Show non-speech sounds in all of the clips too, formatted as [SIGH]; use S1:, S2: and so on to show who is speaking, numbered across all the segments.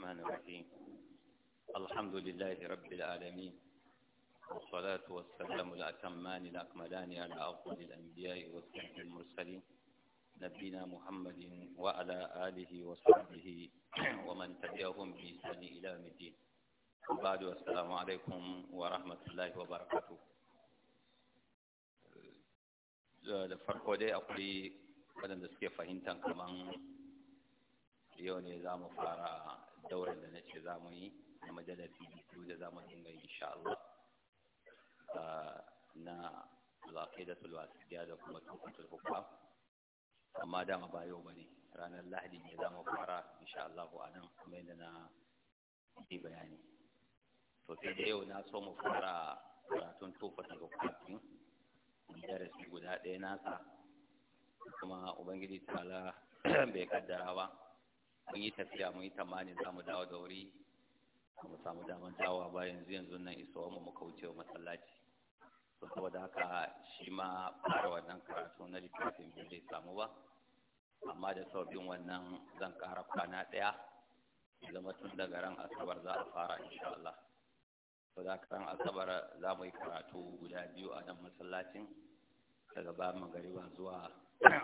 S1: الرحمن الرحيم الحمد لله رب العالمين والصلاة والسلام الأتمان الأكملان على أفضل الأنبياء والسلام المرسلين نبينا محمد وعلى آله وصحبه ومن تبعهم بإحسان إلى يوم الدين وبعد السلام عليكم ورحمة الله وبركاته da farko dai akwai waɗanda suke fahimtar kaman yau ne za mu fara Daurin da na ce za mu yi na majalasi biyu da za mu dinga insha Allah ah, na alaƙai da sulwasiya da kuma tukutul hukam amma dama ba yau ba ne ranar lahadi ne za mu fara insha Allah a nan kuma yadda na yi bayani to sai da yau na so mu fara karatun tukutul hukam darasi guda ɗaya nasa kuma ubangiji tala [CLEARS THROAT] bai kaddara ba mun yi tafiya mun yi tamani za mu dawo da wuri mu samu damar dawa ba yanzu yanzu nan isowa mu muka wuce wa masallaci to saboda haka shi ma fara wannan karatu na littafin bai zai samu ba amma da sauƙin wannan zan kara kwana ɗaya zama tun daga ran asabar za a fara insha Allah to da ran asabar za mu yi karatu guda biyu a nan masallacin daga ba magariba zuwa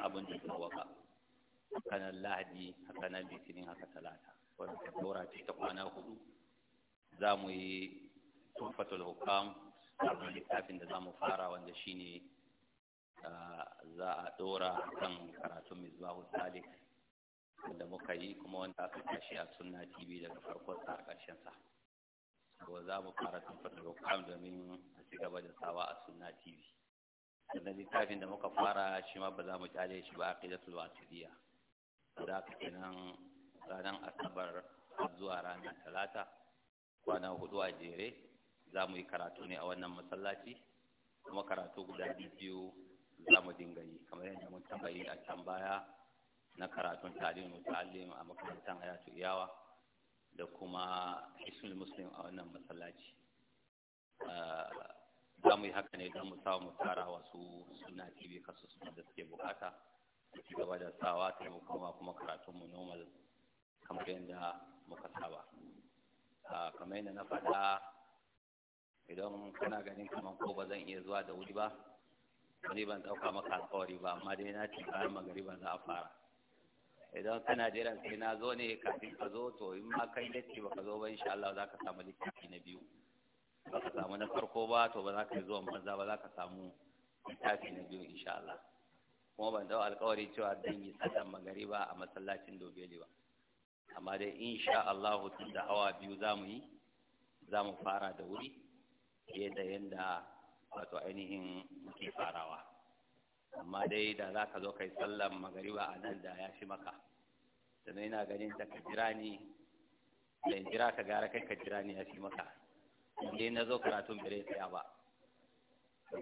S1: abin da zuwa waka haka lahadi haka nan litinin haka talata wadda dora ce ta kwana hudu za mu yi tufatul hukam a littafin da za mu fara wanda shi ne za a dora kan karatun misbahu salik wanda muka yi kuma wanda aka tashi a sunna tv daga farkon sa a ƙarshen sa ko za mu fara tufatul hukam domin a ci gaba da sawa a sunna tv Wanda littafin da muka fara shi ma ba za mu kyale shi ba a ƙidatul wasiliya Za aka kenan ranar asabar zuwa ranar talata kwana hudu a jere za mu yi karatu ne a wannan masallaci kuma karatu guda biyu za mu dinga yi kamar yadda mun taba yi a can baya na karatun tarihin muta'allim a makarantar hayatu iyawa da kuma Ismail muslim a wannan masallaci ah, za mu yi haka ne don mu mu tara wasu suna tv kasu suna da suke bukata su ci gaba da sawa ta mu koma kuma karatunmu normal kamar yadda muka saba kamar yadda na faɗa idan kana ganin kamar ko ba zan iya zuwa da wuri ba wani ban ɗauka maka alkawari ba amma dai na ci bayan magariba za a fara idan kana jiran sai na zo ne kafin ka zo to in ma kai latti baka zo ba insha Allah za ka samu littafi na biyu ba ka samu na farko ba to ba za ka yi zuwan banza ba za ka samu littafi na biyu insha Allah kuma ban dau alkawari cewa zan yi magari ba a masallacin dobeli ba amma dai insha Allah tun da hawa biyu za mu yi za mu fara da wuri fiye da yadda wato ainihin muke farawa amma dai da za ka zo kai sallan magariba a nan da ya fi maka sannan yana ganin ta ka jira ni da jira ka gara kai ka jira ni ya fi maka in na zo karatun bere tsaya ba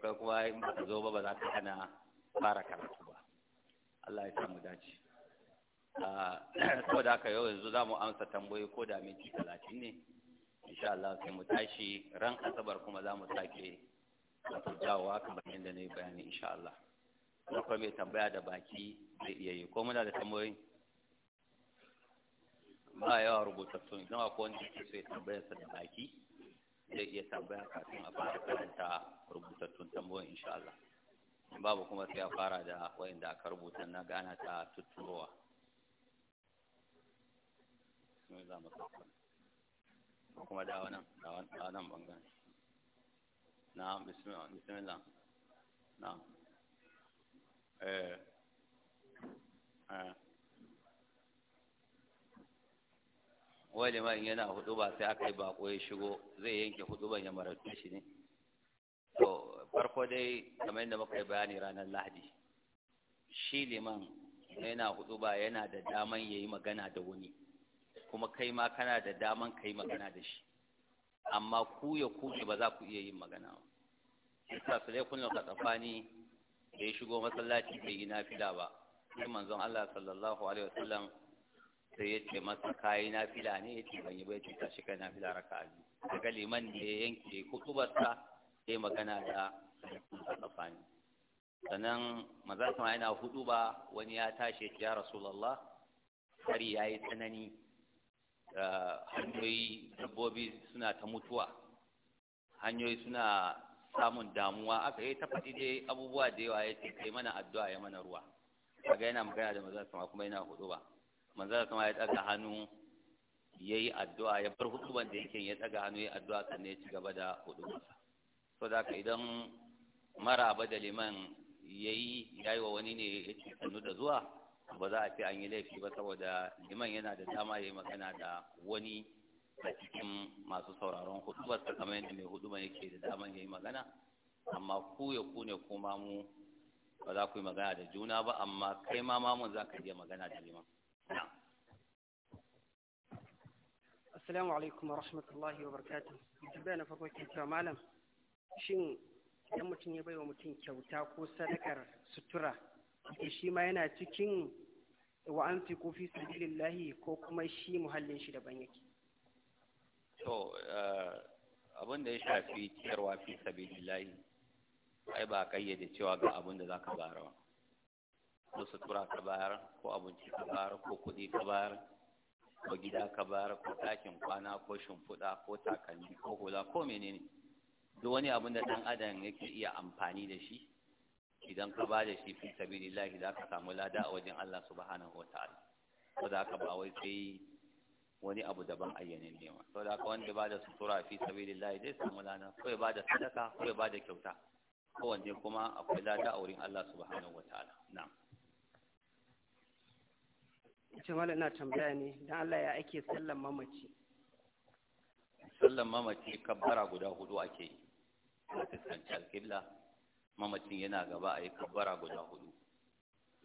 S1: kai kuma in ba ka zo ba ba za ka hana fara karatu Allah ya samu dace ko da aka yau yanzu za mu amsa tambayoyi ko da minti talatin ne insha Allah sai mu tashi ran asabar kuma za mu sake a dawowa kamar yadda na yi bayani insha Allah akwai mai tambaya da baki zai iya yi ko muna da tambayoyi ba yawa rubuta sun idan akwai wanda ke so ya tambaya sa da baki zai iya tambaya kafin a fara karanta rubutattun tambayoyin insha Allah babu kuma sai a fara da wayanda aka rubuta na gana ta tutturowa sun za mu kuma da wannan da wannan bangaren na bismillah na eh eh wani ma in yana hudu ba sai aka yi bako ya shigo zai yanke hudu ban ya maratu shi ne farko dai kamar yadda muka yi bayani ranar lahadi shi liman yana hudu ba yana da daman ya yi magana da wani kuma kai ma kana da daman ka yi magana da shi amma ku ya kuke ba za ku iya yin magana ba isa su dai kunna katsafani da ya shigo masallaci bai yi nafila ba sai manzon Allah sallallahu alaihi wasallam sai ya ce masa kayi nafila ne ya ban yi ba ya ce tashi kai nafila raka'a daga liman da ya yanke kutubarsa sai magana da tsakafani sannan maza su yana hudu ba wani ya tashi ya rasulallah hari ya yi tsanani hanyoyi dabbobi suna ta mutuwa hanyoyi suna samun damuwa aka yi ta faɗi dai abubuwa da yawa ya ce kai mana addu'a ya mana ruwa kaga yana magana da maza kuma kuma yana hudu ba maza kuma ya ɗaga hannu ya yi addu'a ya bar hudu wanda yake ya tsaga hannu ya addu'a sannan ya ci gaba da hudu masa so da ka idan maraba da liman yayi yi wa wani ne ya ce sannu da zuwa ba za a ce an yi laifi ba saboda liman yana da dama ya yi magana da wani a cikin masu sauraron hudubar ta kamar yadda mai hudubar yake da daman ya yi magana amma ku ya ku ne ku mamu ba za ku yi magana da juna ba amma kai ma mamun za ka iya magana da liman
S2: assalamu alaikum wa rahmatullahi wa barakatuh tambaya na farko ke cewa malam shin idan mutum ya baiwa mutum kyauta ko sadakar sutura shi ma yana cikin wa an fi kofi sabilillahi ko kuma shi muhallin shi daban yake
S1: to eh, abin da ya shafi ciyarwa fi sabilillahi ai ba kayyade cewa ga abin da zaka bayar ba ko sutura ka bayar ko abinci ka bayar ko kuɗi ka bayar ko gida ka bayar ko ɗakin kwana ko shimfiɗa ko takalmi ko hula ko menene duk wani abin da ɗan adam yake iya amfani da shi idan ka ba da shi fi sabilillahi za ka samu lada a wajen Allah subhanahu wa ta'ala ko da ka ba wai sai wani abu daban ayyanin nema to da ka wanda ba da sutura fi sabilillahi zai samu lada ko ya ba da sadaka ko ya ba da kyauta kowanne kuma akwai lada a wurin Allah subhanahu wa ta'ala na'am
S2: ce malam ina tambaya ne dan Allah ya ake sallan mamaci
S1: sallan mamaci kabbara guda hudu ake yi a fuskanci alƙibla mamacin yana gaba a yi kabbara guda hudu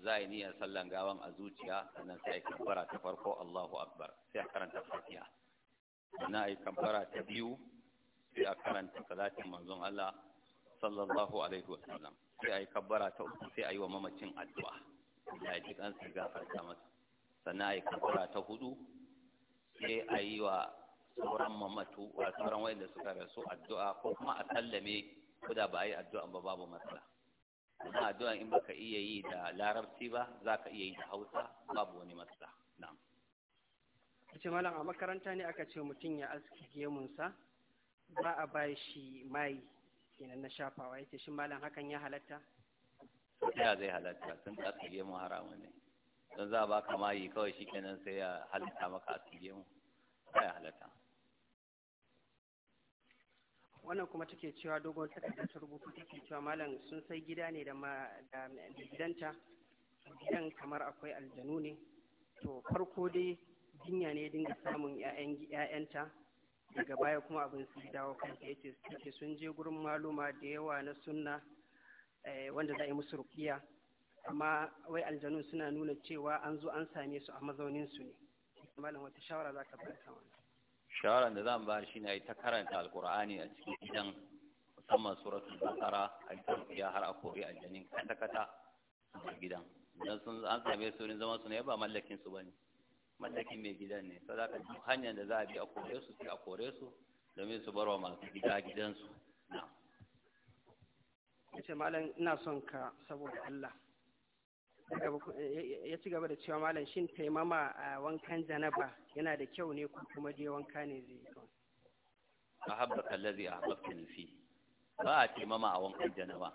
S1: za a yi niyyar sallan gawan a zuciya sannan sai a yi kabbara ta farko Allahu Akbar sai a karanta fatiha sannan a yi kabbara ta biyu sai a karanta salatin manzon Allah sallallahu alaihi wasallam sai a yi kabbara ta uku sai a yi wa mamacin addu'a da ya ji kansa gafarta masa sannan a yi kabbara ta hudu sai a yi wa sauran mamatu wa sauran wayanda suka rasu addu'a ko kuma a sallame ko da ba a yi addu'a ba babu matsala amma addu'a in baka iya yi da larabci ba za ka iya yi da hausa babu wani matsala na'am
S2: kace malam a makaranta ne aka ce mutum ya aski gemunsa ba a ba shi mai kenan na shafawa yace shi malam hakan ya halatta
S1: ya zai halatta sun ka aski gemun haramun ne don za a baka mayi kawai shi kenan sai ya halatta maka a gemun ya halatta
S2: wannan kuma take cewa dogon takarda ta rubutu take cewa malam sun sai gida ne da gidanta gidan kamar akwai aljanu ne to farko dai jinya ne dinga samun 'ya'yanta daga baya kuma abin su dawo kanta yake sun je gurin maluma da yawa na sunna eh, wanda za a yi musu rukiya amma wai aljanun suna nuna cewa an zo an same su a mazaunin su ne malam wata shawara za ka bada wannan
S1: shawaran da zan bayar shine ai ta karanta alqur'ani a cikin gidan musamman suratul baqara a ta ya har a kori aljanin kata kata a gidan dan sun an same su ne zaman su ne ba mallakin su bane mallakin mai gidan ne sai zaka duk hanyar da za a bi a kore su sai a kore su domin su barwa masu gida gidansu
S2: na'am ce malam ina son ka saboda Allah Eh, ya ci gaba da cewa malam shin taimama a wankan janaba yana da kyau ne ko kuma je wanka ne zai yi
S1: ahabbaka allazi ahbabtani fi ba a taimama a wankan janaba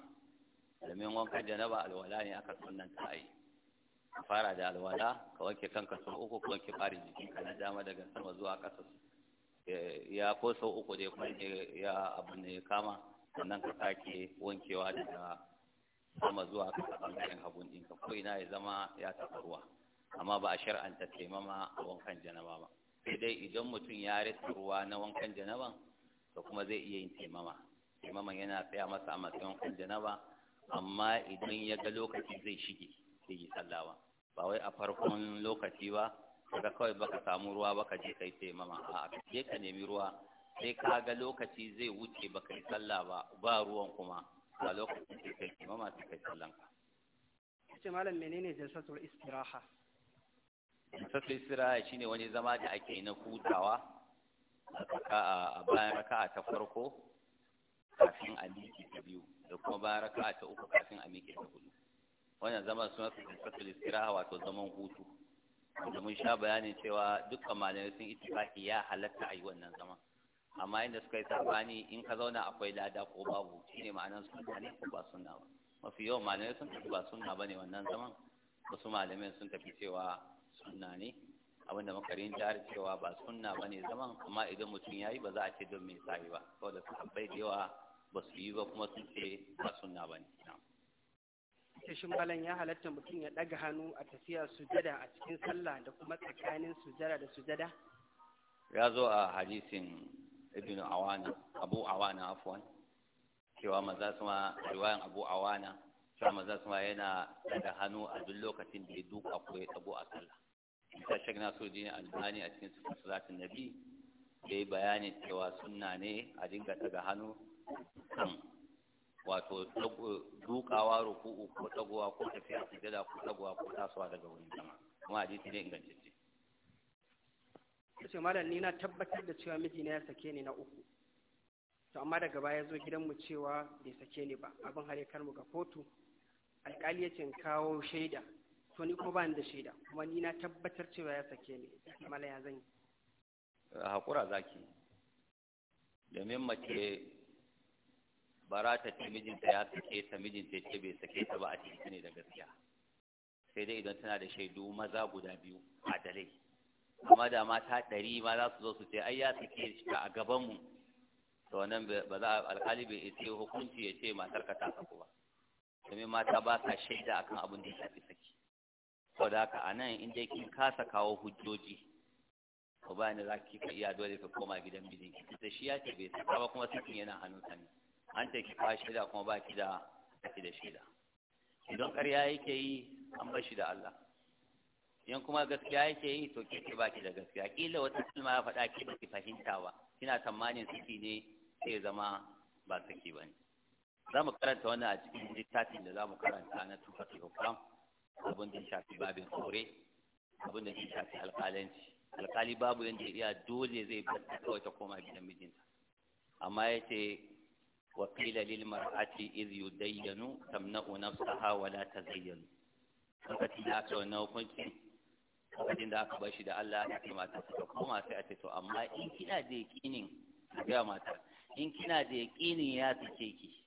S1: domin wankan janaba alwala ne aka ta yi a fara da alwala ka wanke kanka sau uku ka wanke farin ka na dama daga sama zuwa ƙasa eh, ya ko sau uku dai kwanke ya abu ne ya kama sannan ka sake wankewa daga kuma zuwa ka bangaren hagun ɗinka ko ina ya zama ya taɓa ruwa amma ba a shar'anta taimama a wankan janaba ba sai dai idan mutum ya rasa ruwa na wankan janaban to kuma zai iya yin taimama taimaman yana tsaya masa a matsayin wankan janaba amma idan ya ga lokaci zai shige sai yi sallawa ba wai a farkon lokaci ba kaga kawai baka samu ruwa baka je kai taimama a ka ka nemi ruwa sai ka ga lokaci zai wuce baka yi sallah ba ba ruwan kuma a lokacin da kai imama sai kai sallan ka
S2: ce malam menene jalsatul istiraha
S1: jalsatul istiraha shine wani zama da ake na hutawa a bayan raka'a ta farko kafin a miƙe ta biyu da kuma bayan raka'a ta uku kafin a miƙe ta hudu wannan zama suna su jalsatul istiraha wato zaman hutu da mun sha bayanin cewa dukkan malamai sun itifaki ya halatta a yi wannan zaman amma inda suka yi sabani in ka zauna akwai lada ko babu shine ma'anar sunna ne ko ba sunna ba mafi yawan malamai sun tafi ba sunna ba ne wannan zaman wasu malamai sun tafi cewa sunna ne abinda makarin jihar cewa ba sunna ba ne zaman amma idan mutum ya yi ba za a ce don mai sa'i ba saboda su habbai da yawa ba su yi ba kuma sun ce ba sunna ba ne
S2: shin malam ya halatta mutum ya ɗaga hannu a tafiya sujada a cikin sallah da kuma tsakanin sujada da sujada
S1: ya zo a hadisin ibn awana abu awana afwan cewa maza suma riwayan abu awana cewa maza suma yana da hannu a duk lokacin da ya duka ko ya tabo a sallah ta shek nasiruddin albani a cikin salatin nabi da ya bayani cewa sunna ne a dinga daga hannu wato dukawa ruku'u ko tagowa ko tafiya sujada ko tagowa ko tasowa daga wurin zama kuma hadisi ne ingantacce
S2: ta ce malam ni na tabbatar da cewa mijina ya sake ni na uku to amma daga baya zo gidan mu cewa bai sake ni ba abin har ya mu ga kotu Alƙali ya ce kawo shaida to ni kuma ban da shaida kuma ni na tabbatar cewa ya sake ni malam ya zan yi
S1: eh, hakura zaki domin mace bara ta ce mijinta ya sake ta mijinta ce bai sake ta ba a cikin ne da gaskiya sai dai idan tana da shaidu maza guda biyu a dalai. amma da mata ɗari ma za su zo su ce ai ya suke shi a gabanmu to wannan ba za alƙali bai ce hukunci ya ce matar ka ta saku ba domin mata ba sa shaida akan abin da ya shafi saki saboda haka a nan in dai kin kasa kawo hujjoji ko ba ni za ki iya dole ka koma gidan mijin ki shi ya ce bai saka ba kuma sakin yana hannun sa ne an ce ki ba shaida kuma ba ki da ki da shaida idan ƙarya yake yi an bar shi da Allah yan kuma gaskiya yake yi to ba baki da gaskiya kila wata kalma ya faɗa ki baki fahimta ba kina tsammanin saki ne sai zama ba saki ba ne za mu karanta wannan a cikin littafin da za mu karanta na tufafi hukam abin da shafi babin aure abin da shafi alƙalanci alƙali babu yadda iya dole zai bata kawai ta koma gidan mijinta amma ya ce wa qila lil mar'ati iz yudayyanu tamna'u nafsaha wa la tazayyanu lokacin da aka wannan hukunci wajen da aka bashi da Allah ya ce mata ta koma sai a ce to amma in kina da a ga mata in kina da yaƙinin ya sake ki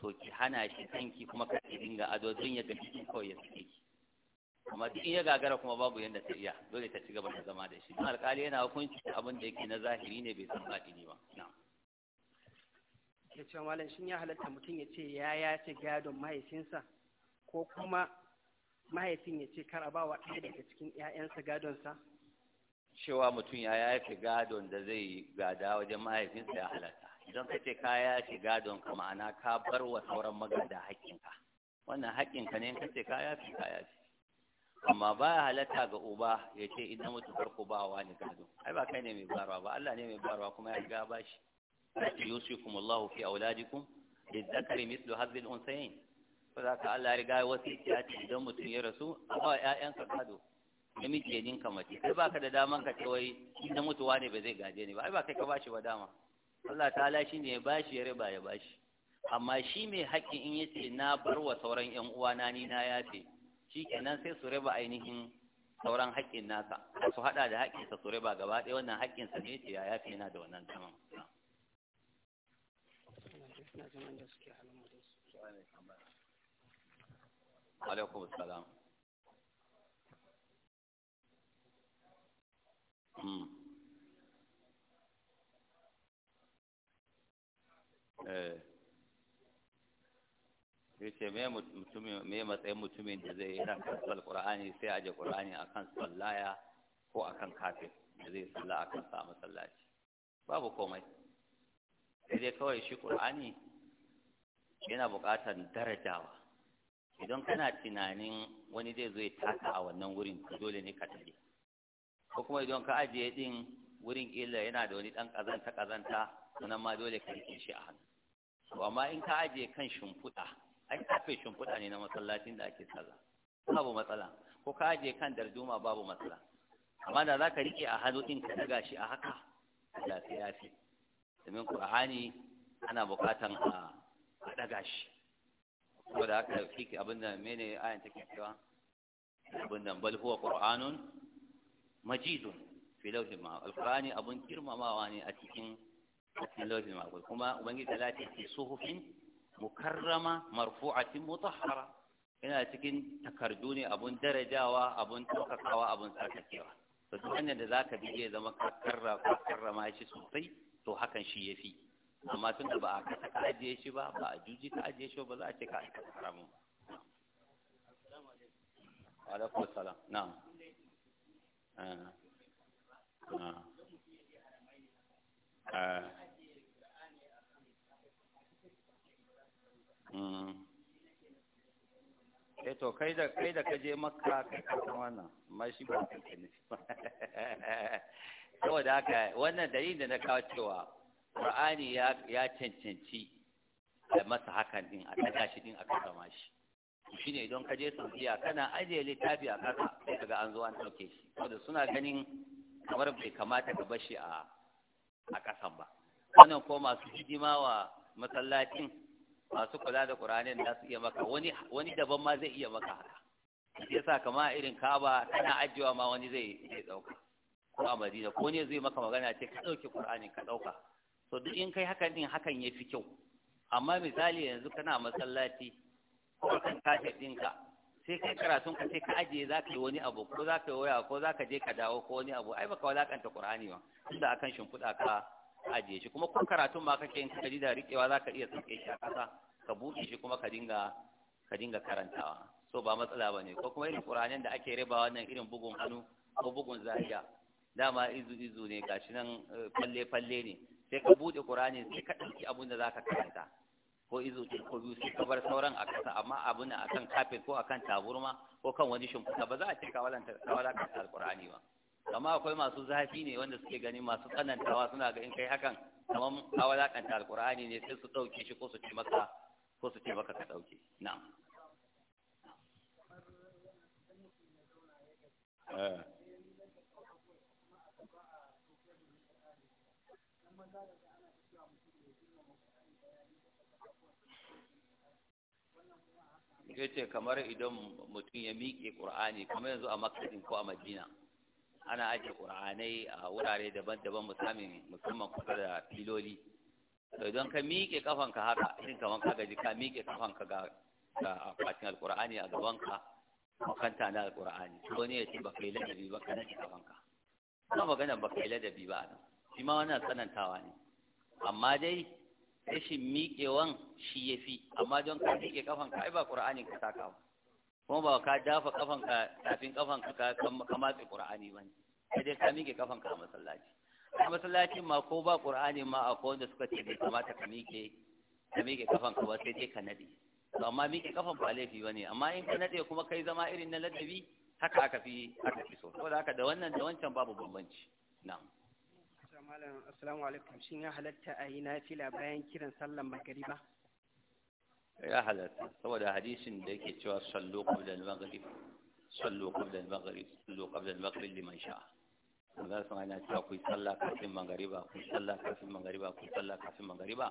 S1: to ki hana shi kanki kuma ka dinga ado don ya gaji ki kawai ya sake ki amma duk ya gagara kuma babu yadda ta iya dole ta ci gaba da zama da shi don alkali yana hukunci abin da yake na zahiri ne bai san batini ba
S2: ya ce malam shin ya halatta mutum ya ce ya ya ce gadon mahaifinsa ko kuma mahaifin ya ce kar a ba wa ɗaya daga cikin ‘ya'yansa gadonsa?
S1: Cewa mutum ya yafe gadon da zai yi gada wajen mahaifinsa ya halatta. Idan ka ce ka yafe gadon ka ma'ana ka bar wa sauran magada haƙƙinka. Wannan haƙƙinka ne ka ce ka yafe ka yafe. Amma ba ya halatta ga uba ya ce idan mutu farko ba wa ni gado. Ai ba kai ne mai barwa ba Allah ne mai barwa kuma ya riga ba shi. Yusufukum Allahu fi auladikum lizzakari mithlu hadhihi al-unsayayn. ko za ka Allah riga ya wasu ya ce idan mutum ya rasu a ba ƴaƴanka gado miji ya ka mace kai baka da daman ka ce wai na mutuwa ne ba zai gaje ni ba ai ba kai ka bashi ba dama Allah ala shi ne ya bashi ya riba ya bashi amma shi mai haƙƙin in yace na bar wa sauran ƴan na ni na yafe shikenan sai su riba ainihin sauran haƙƙin nasa su haɗa da haƙƙinsa su riba gaba ɗaya wannan haƙƙinsa ne ce ya yafe yana da wannan daman. عليكم السلام mm eh yace me mutumin me matsayin mutumin da zai yana kasuwar qur'ani sai aje qur'ani akan sallaya ko akan kafin da zai salla akan sa masallaci babu komai sai dai kawai shi qur'ani yana buƙatar darajawa idan kana tunanin wani zai zo ya taka a wannan wurin dole ne ka tafi ko kuma idan ka ajiye din wurin illa yana da wani dan kazanta kazanta sannan ma dole ka rike shi a hannu to amma in ka ajiye kan shimfiɗa ai kafe shimfiɗa ne na masallacin da ake sallah babu matsala ko ka ajiye kan darduma babu matsala amma da za ka rike a hannu din ka daga shi a haka da fi. ya fi domin qur'ani ana buƙatan a daga shi saboda haka fiki abin da mene ayan take cewa abin da bal huwa qur'anun majidun fi lawhi ma alqur'ani abun kirmamawa ne a cikin cikin lawhin ma kuma ubangiji ta lati fi suhufin mukarrama marfu'atin mutahhara Ina cikin takardu ne abun darajawa abun tsarkakawa abun tsarkakewa to duk wanda zaka bi zama ka karrama shi sosai to hakan shi yafi
S2: amma tun da ba a kasa ka ajiye
S1: shi ba ba a juji ka ajiye shi ba za a ce ka aikata haramun ba alaikum salam ah. Ah. Hmm. eh to kai da kai da kaje makka kai ka san wannan amma shi ba kai ne [LAUGHS] saboda haka wannan dalilin da na kawo cewa Qur'ani ya ya cancanci a masa hakan din a daga shi din a karama shi shine idan ka je Saudiya kana ajiye littafi a ƙasa sai kaga an zo an dauke shi saboda suna ganin kamar bai kamata ka bashi a a kasan ba wannan ko masu hidima wa masallacin masu kula da Qur'anin za su iya maka wani wani daban ma zai iya maka haka sai sa kama irin Kaaba kana ajiyewa ma wani zai zai dauka ko a Madina ko ne zai maka magana ce ka dauke Qur'anin ka dauka so duk in kai hakan din hakan ya fi kyau amma misali yanzu kana masallaci ko kan kafe ɗinka sai kai karatun ka sai ka ajiye za ka yi wani abu ko za ka yi waya ko za ka je ka dawo ko wani abu ai baka walakanta qur'ani ba tunda akan shimfiɗa ka ajiye shi kuma ko karatun ma kake yin kaji da riƙewa za ka iya tsinke shi a ƙasa ka buɗe shi kuma ka dinga ka dinga karantawa so ba matsala ba ne ko kuma irin ƙuranen da ake raba wannan irin bugun hannu ko bugun zahiya dama izu izu ne gashi nan eh, falle falle ne sai ka buɗe ƙur'ani sai ka ɗauki abin da za ka karanta ko izo ce ko biyu sai ka bar sauran a ƙasa amma abin a kan kafin ko a kan taburma ko kan wani shimfiɗa ba za a ce ka walakanta alƙur'ani ba amma akwai masu zafi ne wanda suke gani masu tsanantawa suna ga in kai hakan kamar ka walakanta alƙur'ani ne sai su ɗauke shi ko su ce maka ko su ce maka ka ɗauke na'am eh. yace kamar idan mutum ya miƙe ƙur'ani, kamar yanzu a makasin ko a madina ana ajiye ƙur'anai a wurare daban-daban musamman musamman kusa da filoli to idan ka miƙe kafanka haka shin kamar ka gaji ka miƙe kafanka ga ga akwatin alƙur'ani a gabanka makanta na alƙur'ani ko ne yace ba kai ladabi ba ka nace kafanka ina magana ba yi ladabi ba shi ma wannan tsanantawa ne amma dai rashin miƙewan shi ya fi amma don ka miƙe kafan ka ai ba ƙur'anin ka taka ba kuma ba ka dafa kafan ka tafin kafan ka ka matse ƙur'ani ba ne sai dai ka miƙe kafan ka a masallaci a masallacin ma ko ba ƙur'ani ma a wanda suka ce bai kamata ka miƙe ka miƙe kafan ka ba sai dai ka nade to amma miƙe kafan ba laifi ba ne amma in ka nade kuma kai zama irin na ladabi haka aka fi aka fi so saboda haka da wannan da wancan babu bambanci na'am
S2: malam assalamu alaikum shin ya halatta a yi nafila bayan kiran sallan magariba
S1: ya halatta saboda hadisin da yake cewa sallu qabla al-maghrib sallu qabla al-maghrib sallu qabla al-maghrib liman sha'a za su ana cewa ku sallah kafin magariba ku sallah kafin magariba ku sallah kafin magariba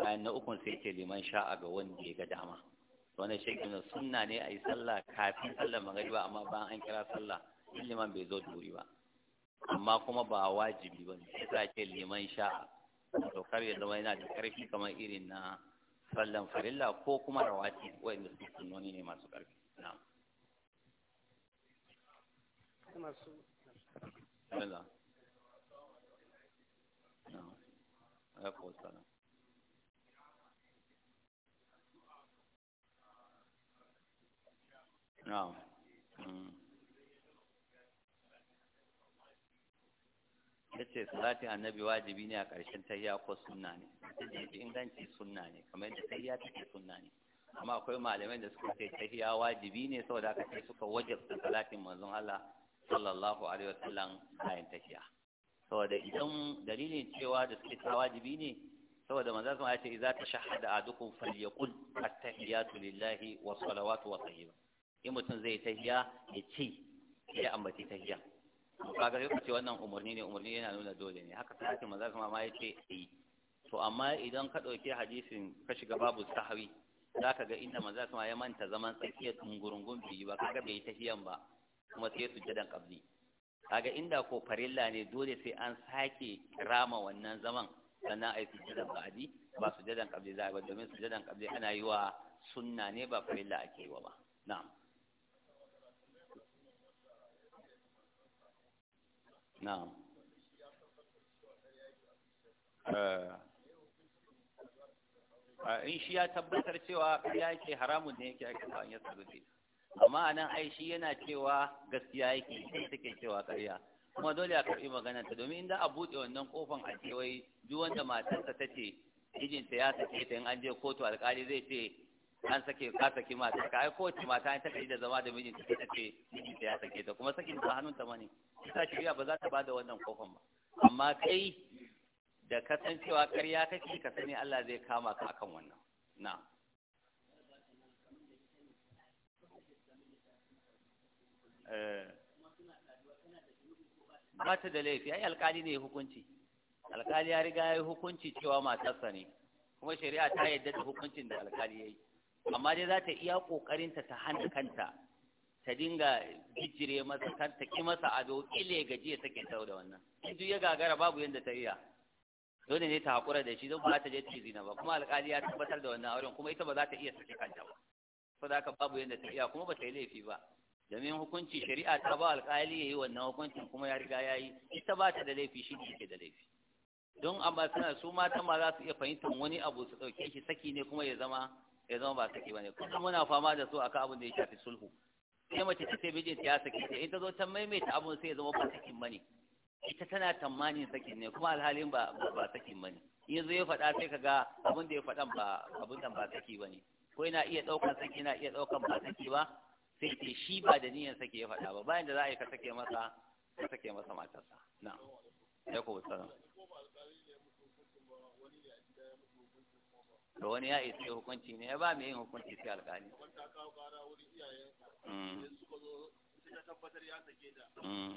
S1: bayan na ukun sai ce liman sha'a ga wanda ya ga dama wannan shekina sunna ne a yi sallah kafin sallar magariba amma bayan an kira sallah in liman bai zo da wuri ba amma kuma ba wajibi ba ne sai ce liman sha'a to kar ya zama yana da karfi kamar irin na sallan farilla ko kuma rawati wanda su sunoni ne masu karfi
S2: na'am na'am
S1: na'am mm. ya ce salatin annabi wajibi ne a ƙarshen tahiya ko sunna ne ta jefi inganci sunna ne kamar yadda tahiya take sunna ne amma akwai malamai da suka ce tahiya wajibi ne saboda aka sai suka wajabta salatin manzon Allah sallallahu alaihi wasallam bayan tahiya saboda idan dalilin cewa da suke ta wajibi ne saboda manzon Allah ya ce idza tashahhada ahadukum falyaqul at-tahiyatu lillahi wa salawatu wa tayyiba in mutum zai tahiya ya ce ya ambaci tahiya kaga sai ce wannan umarni ne umarni yana nuna dole ne haka sai maza kuma ma yace eh to amma idan ka dauke hadisin ka shiga babu sahawi zaka ga inda maza kuma ya manta zaman tsakiyar tungurungun biyu ba kaga bai tahiyan ba kuma sai sujjadan kabli kaga inda ko farilla ne dole sai an sake rama wannan zaman sannan ai sujjadan ba'di ba sujjadan kabli za ba domin sujjadan kabli ana yi wa sunna ne ba farilla ake yi wa ba na'am Eh, eh, in shi ya tabbatar cewa ƙarya yake haramun ne yake ake ba ya sabbi amma anan ai yana cewa gaskiya yake sai take cewa ƙarya kuma dole a karɓi maganar ta domin inda a buɗe wannan kofan a cewai wai duk matarsa ta ce mijinta ya sake ta in an je kotu alƙali zai ce an sake ka sake mata ka ai kowace mata an take da zama da mijinta ta ce mijinta ya sake ta kuma sakin ba hannunta bane ita ce ba za ta bada wannan kofan ba amma kai da kasancewa karya kake ka sani Allah zai kama ka akan wannan na eh. ba ta da laifi ai alkali ne hukunci alkali ya riga ya yi hukunci cewa matarsa ne kuma shari'a ta yadda da hukuncin da alkali ya yi amma dai za ta iya ƙoƙarinta ta hana kanta ta dinga jijjire masa kanta ki masa ado ƙile gajiya take tau da wannan in duk ya gagara babu yadda ta iya dole ne ta haƙura da shi don ba ta je ta zina ba kuma alƙali ya tabbatar da wannan auren kuma ita ba za ta iya sake kanta ba saboda haka babu yadda ta iya kuma ba ta yi laifi ba domin hukunci shari'a ta ba alƙali ya yi wannan hukuncin kuma ya riga ya yi ita ba ta da laifi shi ne da laifi don amma suna su mata ma za su iya fahimtar wani abu su ɗauke shi saki ne kuma ya zama ya zama ba saki bane kuma muna fama da su akan abin da ya shafi sulhu sai mace ta sai mijinta ya saki ta ita zo ta maimaita abin sai ya zama ba sakin bane ita tana tamanin sakin ne kuma alhalin ba ba sakin bane yanzu ya faɗa sai kaga abin da ya faɗan ba abin da ba saki bane ko yana iya ɗaukan saki yana iya ɗaukan ba saki ba sai ce shi ba da niyan saki ya faɗa ba bayan da za a yi ka sake masa ka sake masa matarsa na
S2: ya ku salam da wani ya isa hukunci ne ya ba mu yin hukunci sai alkali mm. mm.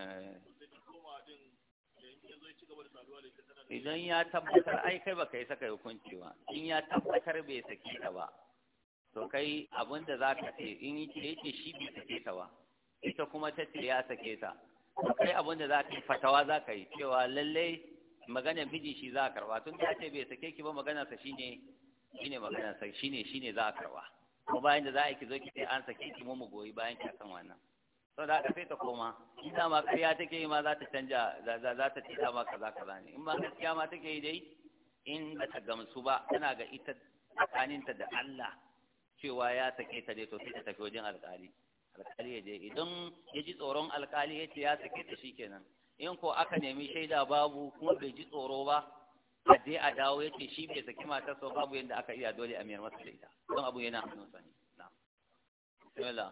S1: eh. idan ya tabbatar ai kai baka yi saka hukunci ba in ya tabbatar bai sake ta ba to kai abinda za ka ce in yake shi bai sake ta ba ita kuma ta ce ya sake ta akwai abin da za ka yi fatawa za ka yi cewa lallai maganar miji shi za a karba tun da ce bai sake ki ba magana sa shine shine magana sa shine shine za a karba kuma bayan da za a ki zo ki sai an sake ki mu goyi bayan ki akan wannan to da ka sai ta koma in ma kariya take yi ma za ta canja za ta ce ma kaza kaza ne in ma gaskiya ma take yi dai in ba ta gamsu ba tana ga ita tsakaninta da Allah cewa ya sake ta dai to sai ta tafi wajen alƙali alkali ya je idan ya ji tsoron alkali ya ce ya sake ta shi kenan in ko aka nemi shaida babu kuma bai ji tsoro ba a je a dawo ya ce shi bai saki matar sau babu yadda aka iya dole a miyar masa da ita don abu yana hannun sani na bismillah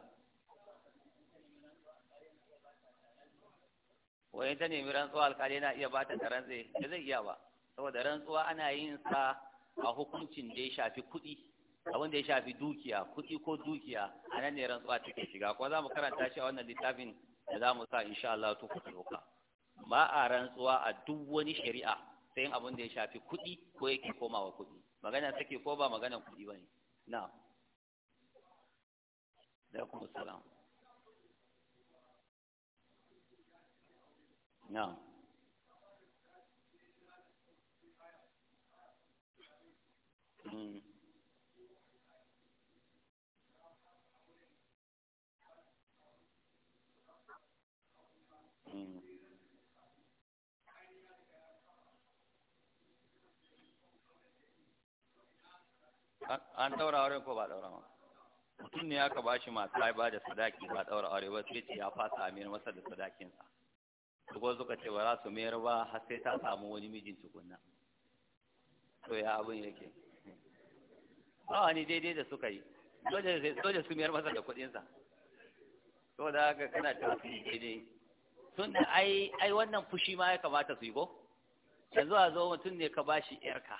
S1: ta nemi rantsuwa alkali yana iya bata ta rantse ba zai iya ba saboda rantsuwa ana yin sa a hukuncin da ya shafi kuɗi abin da ya shafi dukiya kuɗi ko dukiya a nan ne rantsuwa take shiga kuma za mu karanta shi a wannan littafin da za mu sa insha Allah to kuka doka ba a rantsuwa a duk wani shari'a sai abin da ya shafi kuɗi ko yake komawa kuɗi magana take ko ba magana kuɗi bane na da kuma salam na Mm-hmm. an daura aure ko ba daura ma mutum ne aka ba shi mata ba da sadaki ba daura aure ba sai ce ya fasa amin masa da sadakinsa ko suka ce ba za su mayar ba har sai ta samu wani mijin tukunna to ya abin yake ba ni daidai da suka yi dole su mayar masa da sa to da haka kana ta su daidai tun da ai wannan fushi ma ya kamata su yi ko yanzu a zo mutum ne ka bashi yarka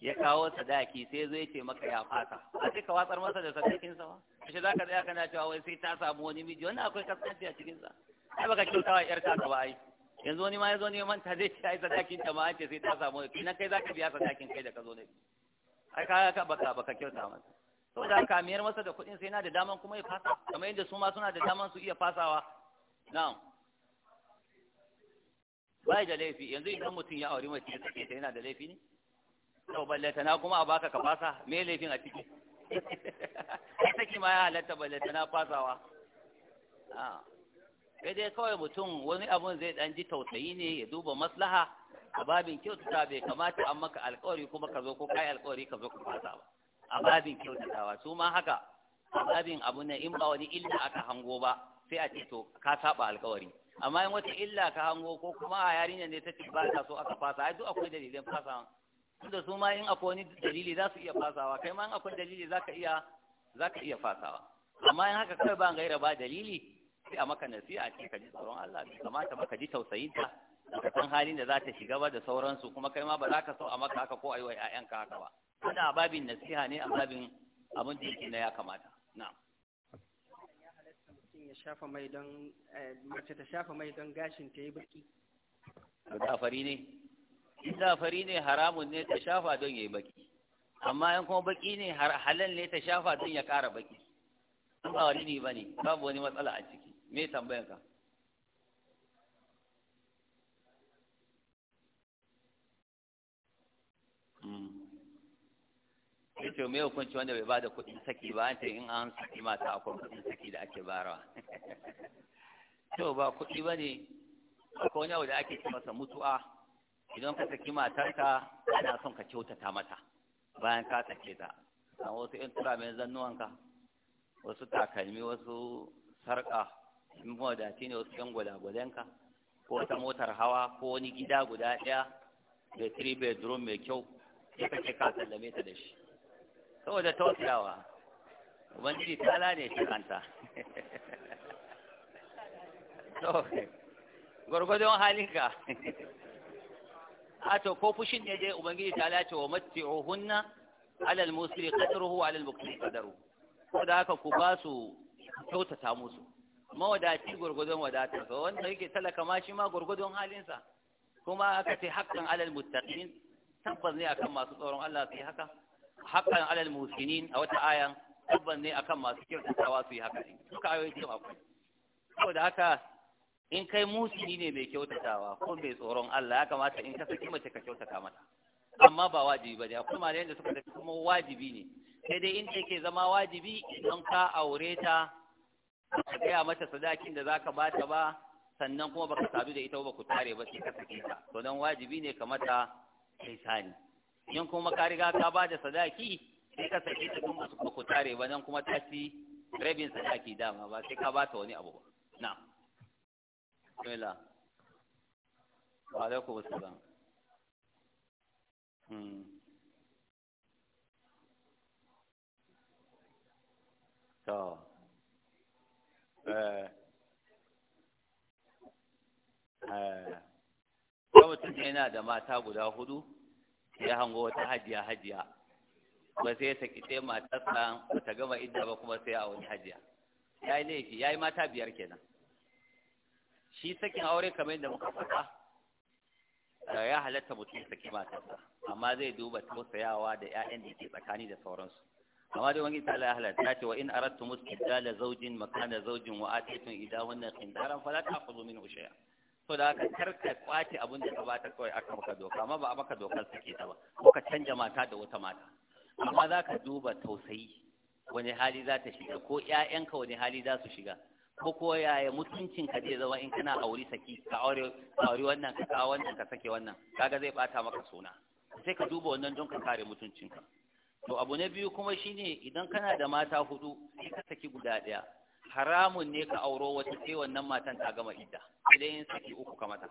S1: ya kawo sadaki sai zai ce maka ya fata a sai ka watsar masa da sadakin sa ba shi zaka tsaya kana cewa wai sai ta samu wani miji wannan akwai kasance a cikin sa
S2: ai baka kyauta wa yar ka ba
S1: ai yanzu wani ma ya zo man ta zai ce ai sadakin ta ma an ce sai ta samu wani kinan kai zaka biya sadakin kai da ka zo ne ai ka ka baka baka kyauta masa saboda haka miyar masa da kuɗin sai yana da daman kuma ya fasa kamar yadda su ma suna da daman su iya fasawa na'am bai da laifi yanzu idan mutum ya auri mace da take ta yana da laifi ne to ballata na kuma a baka ka fasa me laifin a ciki ai saki ma ya halatta ballata na fasawa a ah, sai dai kawai mutum wani abun zai dan ji tausayi ne ya duba maslaha a babin kyautata bai kamata an maka alkawari kuma ka zo ko kai alkawari ka zo ka fasa ba a babin kyautatawa su ma haka a babin abu ne in ba wani illa aka hango ba sai a ce to ka saba alkawari amma in wata illa ka hango ko kuma a yarinyar ne ta ce ba ta so aka fasa ai duk akwai dalilin fasa da su ma in akwai wani dalili za su iya fasawa kai ma in akwai dalili za ka iya za iya fasawa amma in haka kai ba gaira ba dalili sai a maka nasiha a ce ka ji tsoron Allah bai kamata ba ka ji tausayin ta ka san halin da za ta shiga ba da sauransu kuma kai ma ba za ka so a maka haka ko a yi wa 'ya'yanka haka ba wanda a babin nasiha ne a babin abin da yake na ya kamata na'am
S2: ya shafa mai don eh, mace ta shafa mai don gashin ta yi baki
S1: da fari ne inda fari ne haramun ne ta shafa don ya yi baki amma in kuma baki ne halal ne ta shafa don ya ƙara baki an ba wani ne ba ne babu wani matsala a ciki me tambayan ka hmm. ya ce mai hukunci wanda bai ba da kuɗin saki ba an ce in an saki mata akwai kuɗin saki da ake barawa [LAUGHS] to ba kuɗi ba ne akwai wani abu da ake ce masa mutu'a idan ka saki matarka ana son ka kyautata mata bayan ka sake ta an wasu yan tura mai zannuwanka wasu takalmi wasu sarƙa in mawadaci ne wasu yan gwalagwalenka ko wata motar hawa ko wani gida guda ɗaya da three bedroom mai kyau sai ka ce ka sallame ta da shi saboda tausayawa ubangiji ta ne shi kanta [LAUGHS] gwargwadon halinka [LAUGHS] a to ko fushin ne dai ubangiji ta lace wa matti'uhunna ala al-musri qadruhu ala al-muqri qadruhu ko da haka ku ba su kyautata musu mawadaci gurgudun wadatarsa wanda yake talaka ma shi ma gurgudun halinsa kuma aka ce haƙƙan alal muttaqin tabbas ne akan masu tsoron Allah su yi haka haƙƙan alal musinin a wata ayan tabbas ne akan masu kyautatawa su yi haka duka ayoyi ce akwai saboda haka in kai ni ne mai kyautatawa ko mai tsoron Allah ya kamata in ka saki mace ka kyautata mata amma ba wajibi ba ne akwai malayan da suka tafi kuma wajibi ne sai dai in ta ke zama wajibi idan ka aure ta ka gaya mata sadakin da zaka bata ba sannan kuma baka sadu da ita ba ku tare ba sai ka sake ta to dan wajibi ne ka mata ihsani in kuma ka riga ka bada sadaki sai ka sake ta kuma ku tare ba nan kuma ta ci rabin sadaki dama ba sai ka bata wani abu ba na'am bismillah wa alaikum assalam to hmm. eh eh mutum yana da mata guda hudu ya hango wata hajiya hajiya Kuma sai ya saki sai matarsa ba ta gama inda ba kuma sai a wani hajiya ya yi laifi ya yi mata biyar kenan shi sakin aure kamar yadda muka faɗa da ya halatta mutum saki matarsa amma zai duba tausayawa da ƴaƴan da ke tsakani da sauransu amma dai wani tsala ya halatta ce wa in aradtu da zaujin makana zaujin wa atitun Fa qindaran ta ta'khudhu min shay'a to da haka karka ka kwace abin da ka bata kawai aka maka doka amma ba a maka dokar sake ta ba ko ka canja mata da wata mata amma za ka duba tausayi wani hali za ta shiga ko ƴaƴanka wani hali za su shiga ko ko yaya mutuncin ka zai zama in kana aure saki ka aure aure wannan ka kawo wannan ka sake wannan kaga zai bata maka suna sai ka duba wannan don ka kare mutuncinka to abu na biyu kuma shine idan kana da mata hudu sai ka saki guda daya haramun ne ka auro wata sai wannan matan ta gama idda idan yin saki uku ka mata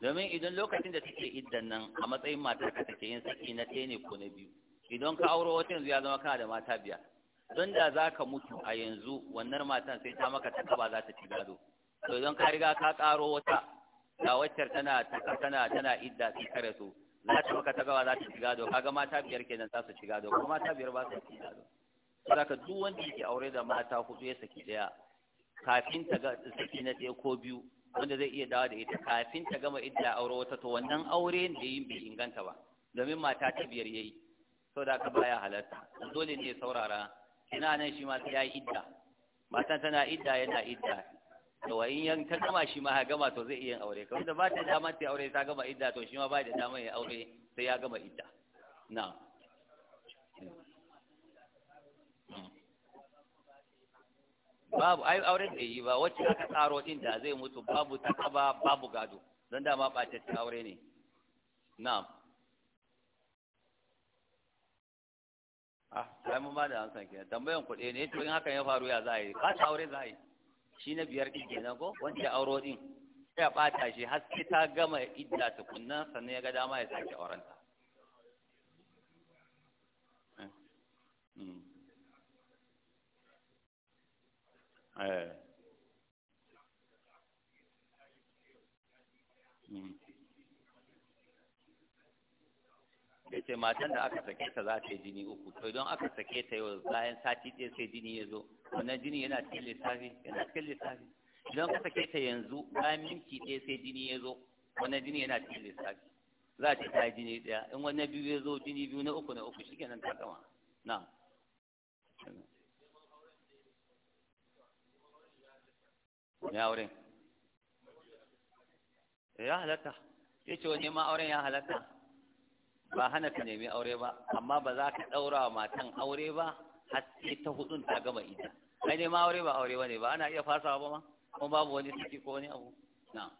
S1: domin idan lokacin da take iddan nan a matsayin mata ka take yin saki na ɗaya ne ko na biyu idan ka auro wata yanzu ya zama kana da mata biyar don da za ka mutu a yanzu wannan matan sai ta maka takaba za ta ci gado to idan ka riga ka karo wata ga waccar tana tana tana idda ta kare su za ta maka takaba za ta ci gado kaga mata biyar kenan za su ci gado kuma mata biyar ba su ci gado saka duk wanda yake aure da mata hudu ya saki daya kafin ta ga saki na ɗaya ko biyu wanda zai iya dawo da ita kafin ta gama idda aure wata to wannan aure da yin bai inganta ba domin mata ta biyar yayi saboda ka baya halarta dole ne saurara ina nan shi ma ya yi idda matan tana idda yana idda to wa in yan ta gama shi ma ha gama to zai iya yin aure kawai da ba ta dama ta aure ta gama idda to shi ma ba da dama ya aure sai ya gama idda na babu ai auren da yi ba wacce aka tsaro din da zai mutu babu takaba babu gado don dama ta aure ne na'am ah ai mun ba da amsa kenan tambayan kuɗi ne to in hakan ya faru ya za a yi ka ta aure za a yi shi na biyar ɗin kenan ko wancan auro Sai ya ɓata shi har sai ta gama idda kunna, sannan ya ga dama ya sake aurenta eh, hmm. eh. ce matan da aka sake ta za ta yi jini uku to idan aka sake ta yau bayan sati ɗaya sai jini ya zo wannan jini yana cikin lissafi yana cikin lissafi idan aka sake ta yanzu bayan minti ɗaya sai jini ya zo wannan jini yana cikin lissafi za ta ta jini ɗaya in wannan biyu ya zo jini biyu na uku na uku shi kenan ta gama na ne auren ya halatta ya ce wani ma auren ya halatta ba hana ka nemi aure ba amma ba za ka ɗaura wa matan aure ba har sai ta hudun ta gama ita kai ne ma aure ba aure ba ne ba ana iya fasawa ba ma kuma babu wani saki ko wani abu na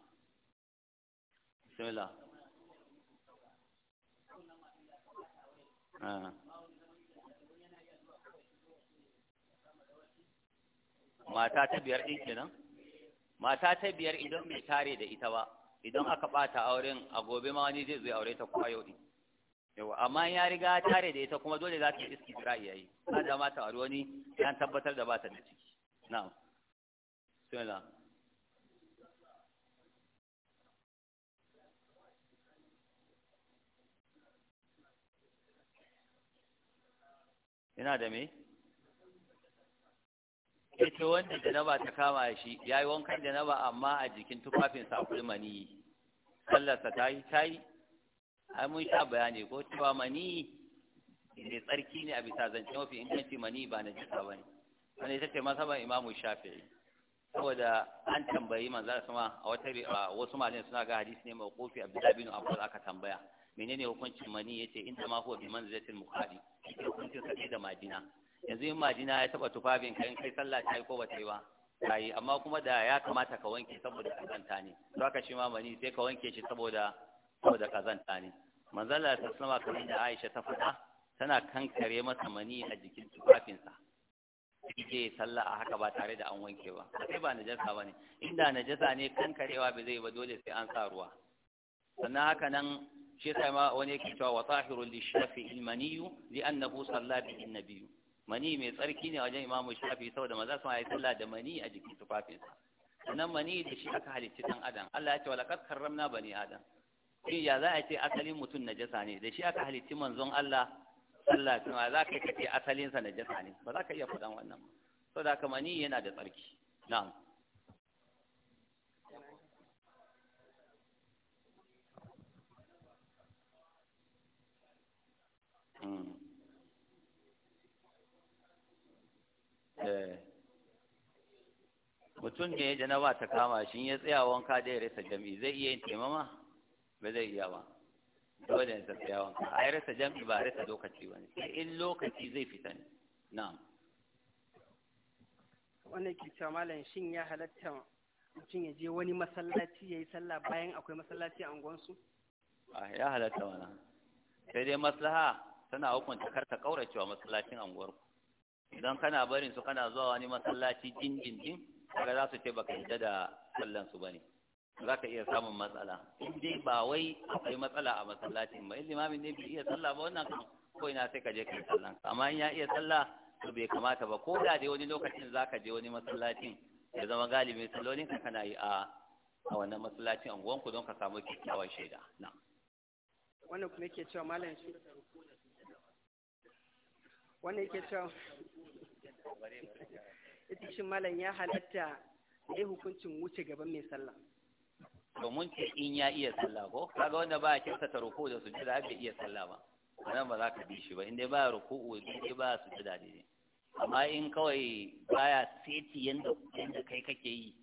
S1: bismillah ah. mata ta biyar din kenan mata ta biyar idan bai tare da ita ba idan aka ɓata auren a gobe ma wani zai zo aure ta kuma yau yawa amma ya riga tare da ita kuma dole za ta iski jira iyayi ba da mata a wani ya tabbatar da ba ta da ciki na'am sunna yana da me ita eh, wanda da ba ta kama shi ya yi wankan ba amma a jikin tufafin sa kulmani sallarsa ta yi ta yi ai mun sha bayani ko cewa mani ne tsarki ne a bisa zance mafi inganci mani ba na jisa ba ne wani ita ce masaban imamu shafi'i saboda an tambayi manzo sama a wata wasu malin suna ga hadisi ne mai kofi abdullahi bin abbas aka tambaya menene hukuncin mani yace inda ma huwa bi manzilatil mukhali hukuncin sa da madina yanzu yin majina ya taba tufafin kai kai sallah ta yi ko ba ta yi ba ta yi amma kuma da ya kamata ka wanke saboda kazanta ne to haka shi ma mani sai ka wanke shi saboda saboda kazanta ne manzala ta sama kamar da Aisha ta faɗa tana kankare masa mani a jikin tufafinsa ke sallah a haka ba tare da an wanke ba sai ba najasa bane inda najasa ne kankarewa bai zai ba dole sai an sa ruwa sannan haka nan shi sai ma wani yake cewa wa tahirul lishafi li annahu salla bihi Nabiyu. mani mai tsarki ne wajen imamu shafi saboda maza sun yi sallah da mani a jikin tufafinsa sannan mani da shi aka halicci dan adam Allah ya ce wa laqad karramna bani adam shi eh, ya za a ce asalin mutum na jasa ne da shi aka halitti manzon Allah Allah kuma za ka ce asalinsa jasa ne ba za ka iya faɗan wannan ba saboda haka ni yana da tsarki na'am hmm. eh. mutum ne da na ba ta kama shi ya tsaya wanka da ya rasa jam'i zai iya yin taimama ba zai iya ba dole ne tafi yawon a yi rasa jam'i ba a rasa lokaci ba ne sai in lokaci zai fita ne na.
S2: wannan ke cewa malam shin ya halatta mutum ya je wani masallaci ya yi sallah bayan akwai masallaci a unguwansu?
S1: ya halatta wana sai dai maslaha tana hukunta karta kauracewa masallacin unguwarku. idan kana barin su kana zuwa wani masallaci din din din kaga za su ce baka yadda da sallan su bane za ka iya samun matsala inda ba wai akwai matsala a masallacin ba inda imamin ne bai iya sallah ba wannan ko ina sai ka je kai sallah amma in ya iya sallah to bai kamata ba ko da dai wani lokacin za ka je wani masallacin ya zama galibi sallolin ka kana yi a a wannan masallacin anguwan ku don ka samu kyakkyawan shaida na
S2: wannan kuma yake cewa malam shi wannan yake cewa ita shi malam ya halatta ya yi hukuncin wuce gaban mai sallah
S1: to mun in ya iya sallah ko kaga wanda ba ya kinsa ta ruku da sujjada iya sallah ba nan ba za ka bi shi ba in ba ruku'u dai ba sujjada dai amma in kawai baya seti yanda yanda kai kake yi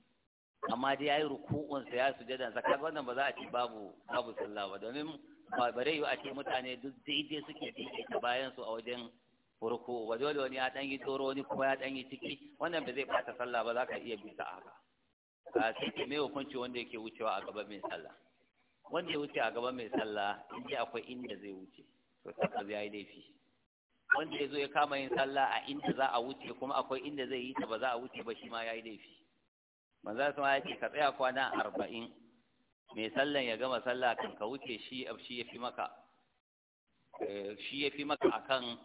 S1: amma dai yayi ruku'un sa ya sujjada sa kaga wannan ba za a ci babu babu sallah ba domin ba bare yi a ce mutane duk daidai suke daidaita bayan su a wajen ruku'u ba dole wani ya dan yi toro wani kuma ya dan yi ciki wannan ba zai bata sallah ba za ka iya bisa haka a cikin mai hukunci wanda yake wucewa a gaban mai sallah wanda ya wuce a gaban mai sallah inda akwai inda zai wuce to tabbas ya yi laifi wanda ya zo ya kama yin sallah a inda za a wuce kuma akwai inda zai yi ta ba za a wuce ba shi ma ya yi laifi manzo sama ya ce ka tsaya kwana arba'in mai sallan ya gama sallah kan ka wuce shi shi ya fi maka eh, shi ya fi maka akan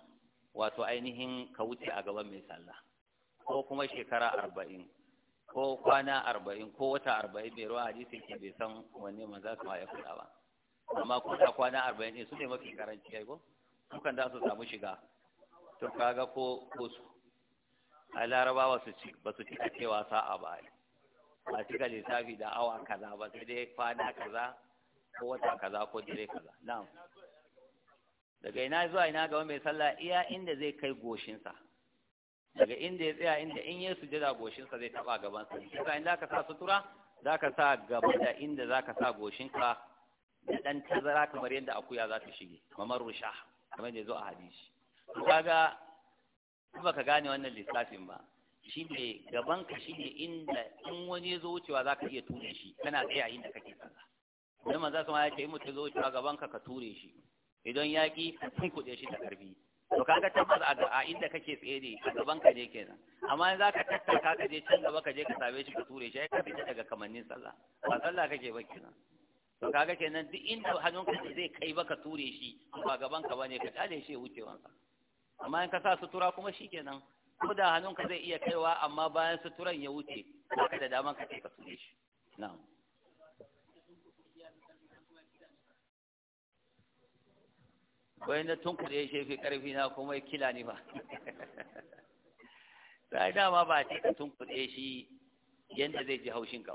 S1: wato ainihin ka wuce a gaban mai sallah ko kuma shekara arba'in ko kwana arba'in ko wata arba'in mai ruwa hadisin ke bai san wanne za su ya kula ba amma ko kwana arba'in ne su ne mafi karanci ya yi ko Kuka za su samu shiga to kaga ko ko su a larabawa su ci ba su cika cewa sa'a ba ne ba cika lissafi da awa kaza ba sai dai kwana kaza ko wata kaza ko dire kaza na'am daga ina zuwa ina ga mai sallah iya inda zai kai goshinsa daga inda ya tsaya inda in yi sujada goshinsa zai taba gaban sa kisa in zaka sa sutura zaka sa gaba da inda zaka sa goshinka da dan tazara kamar yadda akuya za ta shige mamar rusha kamar da zo a hadisi to kaga baka gane wannan lissafin ba shine gaban ka shine inda in wani ya zo wucewa zaka iya ture shi kana tsaya inda kake sallah dan manzo sama ya ce in mutum zo wucewa gaban ka ka ture shi idan yaƙi ki ka tunkuɗe shi da karfi to kaga tabbas a inda kake tsaye a gaban ka ne kenan amma in zaka tattaka ka je can gaba ka je ka same shi ka ture shi ka fita daga kamannin sallah ba sallah kake ba kenan to kaga kenan duk inda hannunka zai kai ba ka ture shi ba gaban ka bane ka kale shi wucewan sa amma in ka sa sutura kuma shi kenan ko da hannunka zai iya kaiwa amma bayan suturan ya wuce ba ka da dama ka ce ka ture shi na'am wai na tunkure shi fi karfi na kuma ya kila ni ba sai dama ba ce ka tunkuɗe shi yadda zai ji haushin ba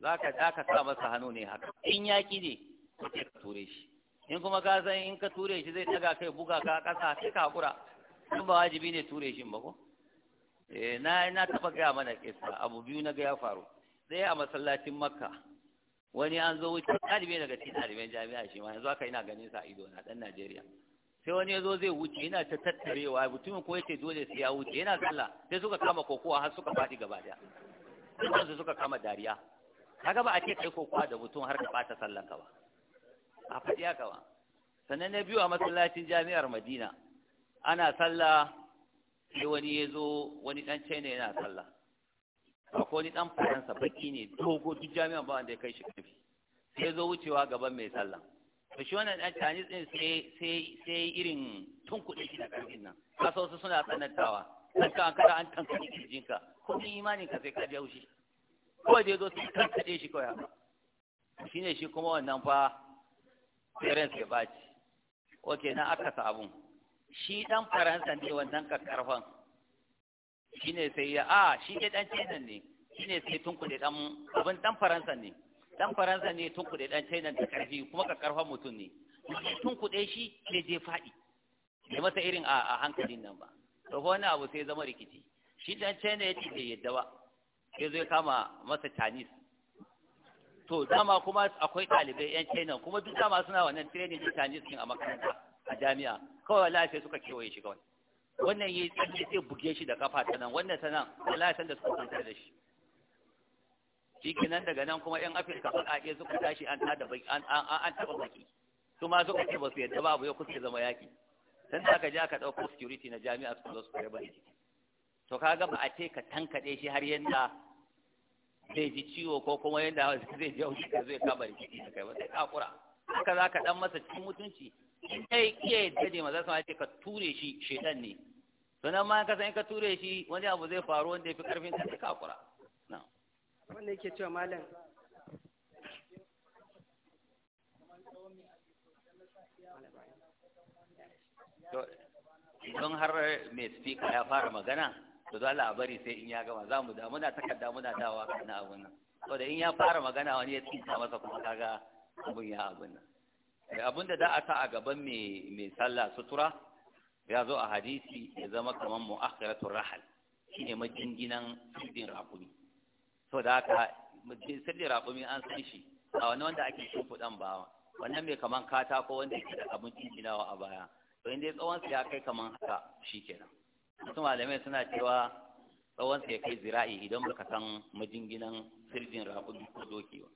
S1: za ka za ka sa masa hannu ne haka in yaƙi ne sai ka ture shi in kuma ka san in ka ture shi zai daga kai buga ka ƙasa sai ka haƙura in ba wajibi ne ture shi ba ko eh, na na taɓa gaya mana kisa abu biyu na ga ya faru sai a masallacin makka wani an zo wuce ɗalibi daga cikin ɗaliban jami'a shi ma yanzu haka ina ganin sa ido na ɗan Najeriya sai wani ya zo zai wuce yana ta tattarewa mutumin ko yace dole sai ya wuce yana sallah sai suka kama kokowa har suka faɗi gaba daya dukkan su suka kama dariya kaga ba a ce kai kokowa da mutum har ka ɓata sallan ka ba a faɗi haka ba sannan na biyu a masallacin jami'ar Madina ana sallah sai wani ya zo wani ɗan China yana sallah ko wani dan faransa baki ne dogo duk jami'an ba wanda ya kai shi karfi sai zo wucewa gaban mai sallah to shi wannan dan tani din sai sai sai irin tunkuɗe shi da karfin nan kasa su suna tsanantawa kan ka kada an jikin ka ko ni imani ka sai ka ji haushi ko da ya zo sai tankaɗe shi kawai haka shine shi kuma wannan fa parents ya baci okay na aka sabu. shi dan faransa ne wannan karfan shine sai ya a ah, shi ne dan China ne shine sai tun kuɗe dan abin dan Faransa ne dan Faransa ne tun kuɗe dan China da karfi kuma ka karfa mutum ne tun kuɗe shi ne je faɗi da masa irin a hankalin nan ba to wani abu sai zama rikici shi dan China ya ce yadda ba sai zai kama masa Chinese to dama kuma akwai ɗalibai yan China kuma duk dama suna wannan training da Chinese din a makaranta a jami'a kawai lafiya suka kewaye shi kawai wannan ya yi sai buge shi da kafa ta nan wannan ta nan ya san da suka kwantar da shi shi nan daga nan kuma yan afirka baƙaƙe suka tashi an tada baki an taba taɓa baki su ma suka ce ba su yadda babu ya kusa zama yaki. sun da aka ja aka ɗauko security na jami'a su zo su kare ba to kaga ba a ce ka tankaɗe shi har yadda zai ji ciwo ko kuma yadda zai ji haushi ka zai kama rikici da kai ba sai kura, haka za ka ɗan masa cikin mutunci in ta yi iya yadda ne maza sama ce ka ture shi shaitan ne sannan ma ka san ka ture shi wani abu zai faru wanda ya fi karfin ka ka kura wanda yake cewa malam
S2: don har mai
S1: speaker ya fara magana to za a bari sai in ya gama za mu da muna takarda muna dawa kana abun nan saboda in ya fara magana wani ya tsinta masa kuma kaga abun ya abun nan abin da a sa a gaban mai sallah sutura ya zo a hadisi ya zama kamar mu'akhiratul rahal shine majinginan sirrin rakumi so da haka sirrin rakumi an san shi a wani wanda ake shimfiɗan ba wannan mai kaman katako wanda yake da abin jinginawa a baya to inda tsawon ya kai kaman haka shi kenan. wasu malamai suna cewa tsawon ya kai zira'i idan baka san majinginan sirrin rakumi ko dokewa.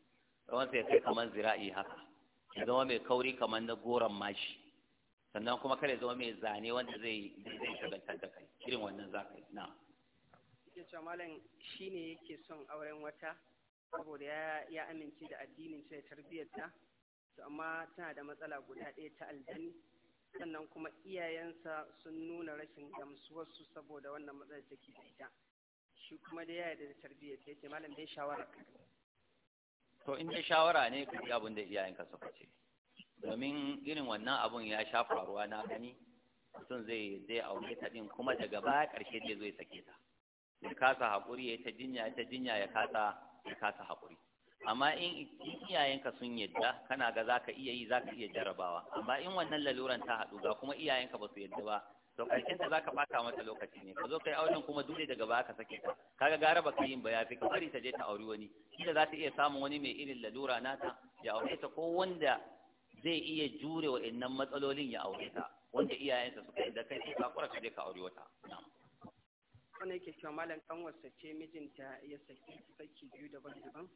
S1: Tsawonsa tsawon ya kai kaman zira'i haka ya zama mai kauri kamar na goron mashi sannan kuma kada ya zama mai zane wanda zai zai shagaltar da kai irin wannan
S2: za ka yi na yake cewa malam shi ne yake son auren wata saboda ya amince da addinin da tarbiyyarta to amma tana da matsala guda ɗaya ta aljani sannan kuma iyayensa sun nuna rashin su saboda wannan matsalar take da ita shi kuma da yaya da ya yake malam dai shawara
S1: to in dai shawara ne ku ga abin da iyayenka suka ce domin irin wannan abun ya sha faruwa na gani mutum zai zai aure ta din kuma daga baya karshe zai zo ya sake ta ya kasa haƙuri ya ta jinya ta jinya ya kasa ya kasa haƙuri amma in iyayenka sun yadda kana ga zaka iya yi zaka iya jarabawa amma in wannan laluran ta haɗu ga kuma iyayenka ba su yadda ba to kai ta zaka bata mata lokaci ne ka zo kai auren kuma dole daga baya ka sake ta kaga gara baka yin ba yafi ka bari ta je ta auri wani kila za ta iya samun wani mai irin lalura nata ya aure ta ko wanda zai iya jure wa innan matsalolin ya aure ta wanda iyayensa suka yi da kai sai ka ka je ka aure wata
S2: wannan yake cewa malam dan wasace mijinta ya saki saki biyu daban-daban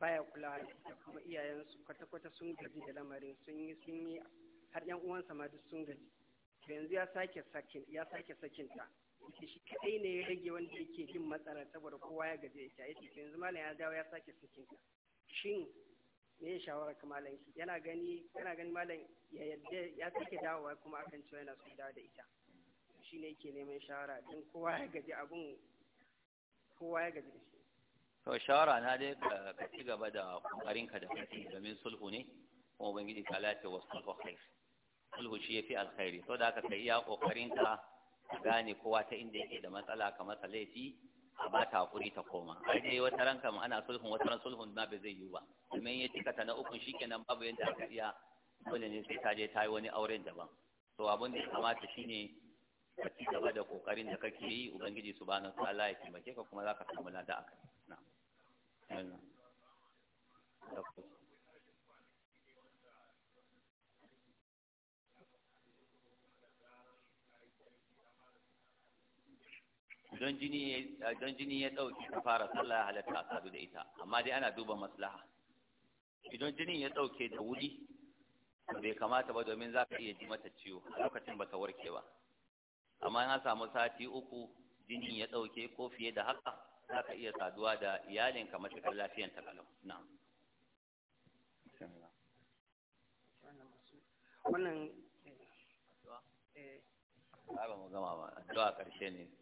S2: baya kula da kuma iyayensu kwata-kwata sun gaji da lamarin sun yi sun yi har yan uwansa ma duk sun gaji to yanzu ya sake sakin ya sake sakin ta yake shi kadai ne ya rage wanda yake jin matsala saboda kowa ya gaje ita yake to yanzu malam ya dawo ya sake sakin ta shin me ya shawara ka malam yana gani yana gani malam ya yadda ya sake dawowa kuma akan cewa yana so dawo da ita shi ne yake neman shawara don kowa ya gaji abun kowa ya gaji da shi
S1: to shawara na dai ka ci gaba da kokarin ka da kake domin sulhu ne kuma ubangiji ta lati wasu sulhu khair sulhu shi yafi alkhairi to da aka kai iya kokarin ka gane kowa ta inda yake da matsala ka masa laifi a ba ta hakuri ta koma a dai wata ranka mu ana sulhun wata ran sulhun ma ba zai yi ba domin ya cika ta na ukun shikenan babu yanda aka iya dole ne sai ta je ta yi wani auren daban to abin da ya kamata shine ka ci gaba da kokarin da kake yi ubangiji subhanahu wa ta'ala ya taimake ka kuma zaka samu lada akai na'am don jini don jini ya dauki ta fara sallah ya halatta a sadu da ita amma dai ana duba maslaha idan jinin ya dauke da wuri bai kamata ba domin za ka iya ji mata ciwo a lokacin ba ta warke ba amma na samu sati uku jinin ya dauke ko fiye da haka za ka iya saduwa da iyalinka matuƙar lafiyan ta kalau na'am
S2: wannan eh, eh,
S1: ba mu gama ba addu'a karshe ne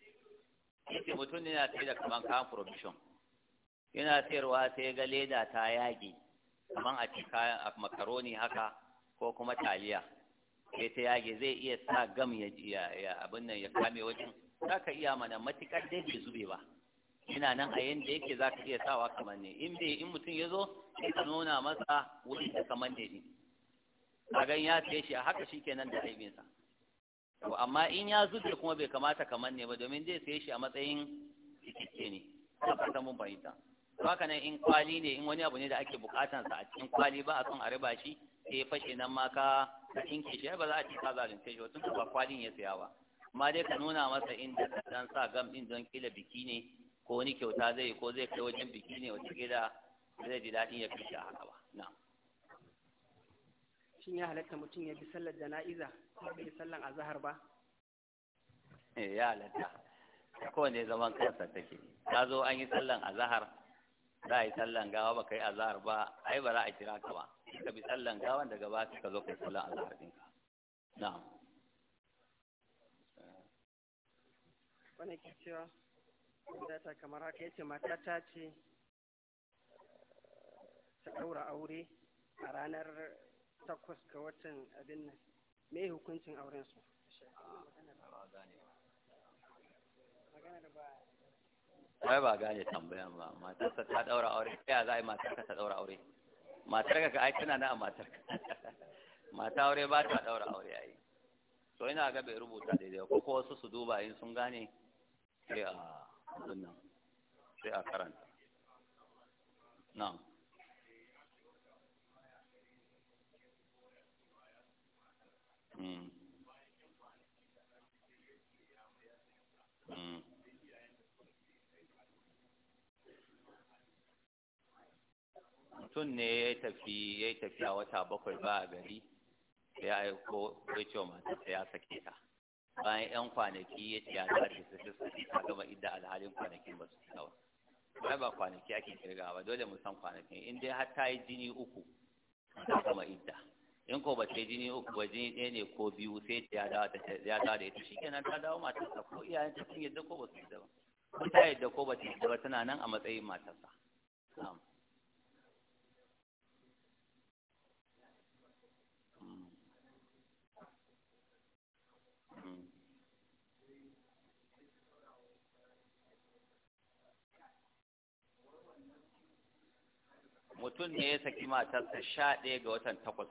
S1: yake mutum ne sai da kaman kayan provision yana sayarwa sai ga leda ta yage kaman a ci makaroni haka ko kuma taliya sai ta yage zai iya sa gam ya abin nan ya kame wajen za ka iya mana matuƙar dai bai zube ba ina nan a yanda yake za ka iya sawa kamar ne in bai in mutum ya zo sai ka nuna masa wurin da kamar ne ne a gan ya sai shi a haka shi kenan da aibinsa to amma in ya zube kuma bai kamata ka ne ba domin zai sai shi a matsayin cikakke ne ta fata mun fahimta haka nan in kwali ne in wani abu ne da ake bukatan sa a cikin kwali ba a son a riba shi sai ya fashe nan ma ka tinke shi ba za a ci ka zalunce shi tun ba kwalin ya saya ba amma dai ka nuna masa inda ka dan sa gam din don kila biki ne ko wani kyauta zai ko zai kai wajen biki ne wata gida zai ji daɗin ya fi shi a haka ba na'am
S2: shin ya halatta mutum ya bi sallar jana'iza ko yi sallar azahar ba
S1: eh ya halatta kowane zaman kansa take ta zo an yi sallar azahar za a yi sallan gawa ba kai azahar ba ai ba za a kira ka ba ka bi sallan gawa daga ba ka zo kai sallan azahar ɗinka na
S2: wani ke cewa data kamar haka yace mata ta ce ta ɗaura aure a ranar takwas ga watan abin nan me hukuncin auren su
S1: wai ba gane tambayan ba matarsa ta daura aure ya za a yi matarka ta daura aure Matar ka ai tana na a matar ka. mata aure ba ta daura aure ai So ina ga bai rubuta daidai ko ko wasu su duba in sun gane sai a sai a karanta na'am Mm. Mm. mutum ne ya tafi ya tafiya wata bakwai ba a gari ya aiko ya ce wa ta ya sake ta bayan yan kwanaki ya ce ya da su su sake ta gama idda alhalin kwanakin ba su fita ba ba kwanaki ake kirga ba dole mu san kwanakin in dai har ta yi jini uku ta gama idda in ko ba ce jini uku ba jini ɗaya ne ko biyu sai ta ya dawo ya dawo da ita shikenan ta dawo matarsa ko iyayen ta sun yadda ko ba su yadda ba ko ta yadda ko ba ta yadda ba tana nan a matsayin matarsa mutum ne ya saki matarsa sha ɗaya ga watan takwas